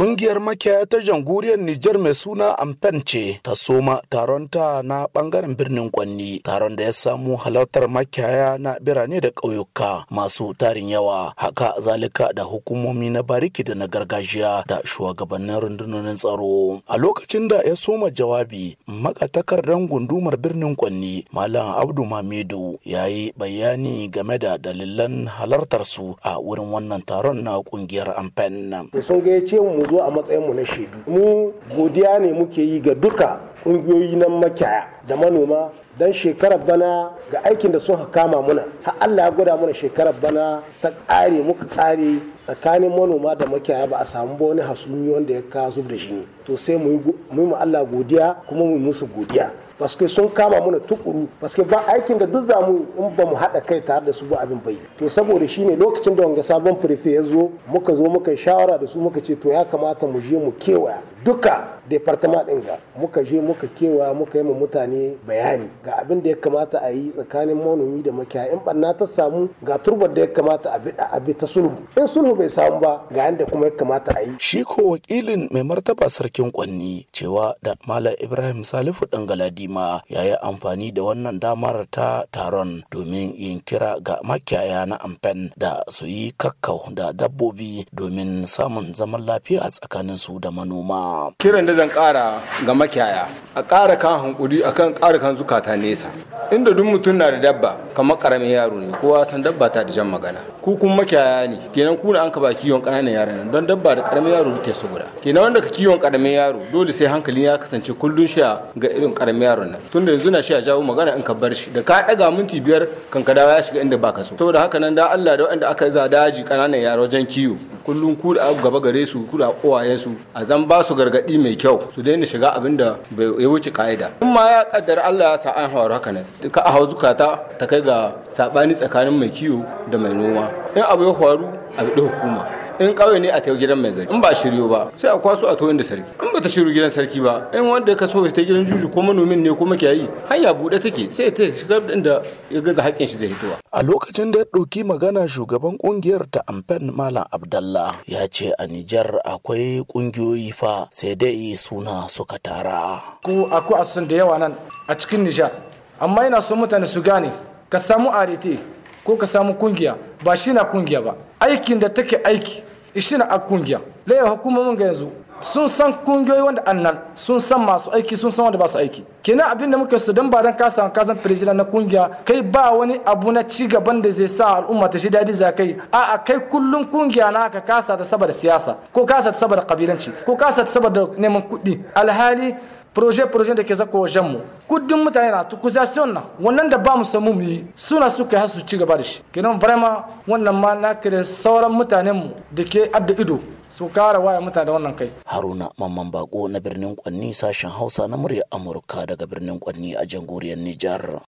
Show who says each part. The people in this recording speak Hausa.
Speaker 1: Ƙungiyar makiyaya ta jamhuriyar Nijar mai suna Ampen ce ta soma taron ta na ɓangaren birnin Kwanni, taron da ya samu halartar makiyaya na birane da ƙauyuka masu tarin yawa, haka zalika da hukumomi na bariki da na gargajiya da shugabannin rundunonin tsaro. A lokacin da ya soma jawabi, magatakardan gundumar birnin Kwanni, Malam Abdu Mamedu ya yi bayani game da dalilan halartar su a wurin wannan taron na ƙungiyar Amfen.
Speaker 2: zo a matsayinmu na shaidu mu godiya ne muke yi ga duka ƙungiyoyi na makiyaya da manoma don shekarar bana ga aikin da sun kama muna har Allah ya gwada mana shekarar bana ta ƙare muka ƙare tsakanin manoma da makiyaya ba a samu ba wani hasumi wanda ya ka zub da shi ne to sai mu yi mu Allah godiya kuma mu musu godiya paske sun kama mana tukuru paske ba aikin da duk zamu in ba mu haɗa kai tare da su ba abin bai to saboda shine lokacin da wanga sabon prefe ya zo muka zo muka shawara da su muka ce to ya kamata mu je mu kewaya duka departement ɗin ga muka je muka kewa muka yi ma mutane bayani ga abin da ya kamata a yi tsakanin manomi da makiyaya in barna ta samu ga turbar da ya kamata a bi ta sulhu in sulhu bai samu ba ga yanda kuma ya kamata a yi shi ko
Speaker 1: wakilin mai martaba sarkin kwanni cewa da malam ibrahim salifu dan galadima ya yi amfani da wannan damar ta taron domin yin kira ga makiyaya na amfen da su yi kakkau da dabbobi domin samun zaman lafiya tsakanin su da manoma
Speaker 3: kiran da zan kara ga makiyaya a kara kan hankuri a kan kara kan zukata nesa inda duk mutum na da dabba kamar ƙaramin yaro ne kowa san dabba ta da jan magana ku makaya makiyaya ne kenan ku an ka ba kiwon ƙananan yaran nan don dabba da ƙaramin yaro ta su guda kenan wanda ka kiwon karamin yaro dole sai hankali ya kasance kullun shi ga irin ƙaramin yaron nan tunda yanzu na a jawo magana in ka bar shi da ka daga minti biyar kan ka dawo ya shiga inda baka so saboda haka nan da Allah da wanda aka za daji kananan yaro wajen kiwo kullum ku da gaba gare su ku da uwaye su a zan ba su gargadi mai kyau su daina shiga abin da bai ya wuce ka'ida in ma ya kaddara Allah ya sa an hawar haka ne ka a hauzuka ta ta kai ga sabani tsakanin mai kiwo da mai noma in abu ya faru a bi hukuma in ƙauye ne a ta gidan mai gari in ba shiryo ba sai a kwaso a toyin da sarki in ba ta shiryo gidan sarki ba in wanda ka so ya ta gidan juju ko manomin ne ko makiyayi hanya buɗe take sai ta shiga inda ya gaza haƙƙin shi zai hitowa a lokacin da ya ɗauki
Speaker 1: magana shugaban ƙungiyar ta amfen malam abdallah ya ce a nijar akwai ƙungiyoyi fa sai dai suna suka tara
Speaker 4: ku akwai asusun da yawa nan a cikin nijar amma yana so mutane su gane ka samu arete ko ka samu kungiya ba shi na kungiya ba aikin da take aiki ishina a kungiya laye hukumomin ga yanzu sun san kungiyoyi wanda annan sun san masu aiki sun san wanda ba su aiki kenan abin da muka su don ba dan ka samu kasan president na kungiya kai ba wani abu na ci gaban da zai sa al'umma ta shi dadi za kai a a kai kullun kungiya na ka kasa ta saboda siyasa ko kasa ta saboda kabilanci ko kasa ta saboda neman kuɗi alhali proje proje da ke zaka wajen mu kudin mutane na tukuzasiyon na wannan da ba mu samu mu yi suna suka yi su ci gaba da shi kenan vraiment wannan ma na kire sauran mutanen mu da ke adda ido su kara waya mutane wannan
Speaker 1: kai haruna mamman bako na birnin kwanni sashen hausa na murya amurka daga birnin kwanni a jamhuriyar nijar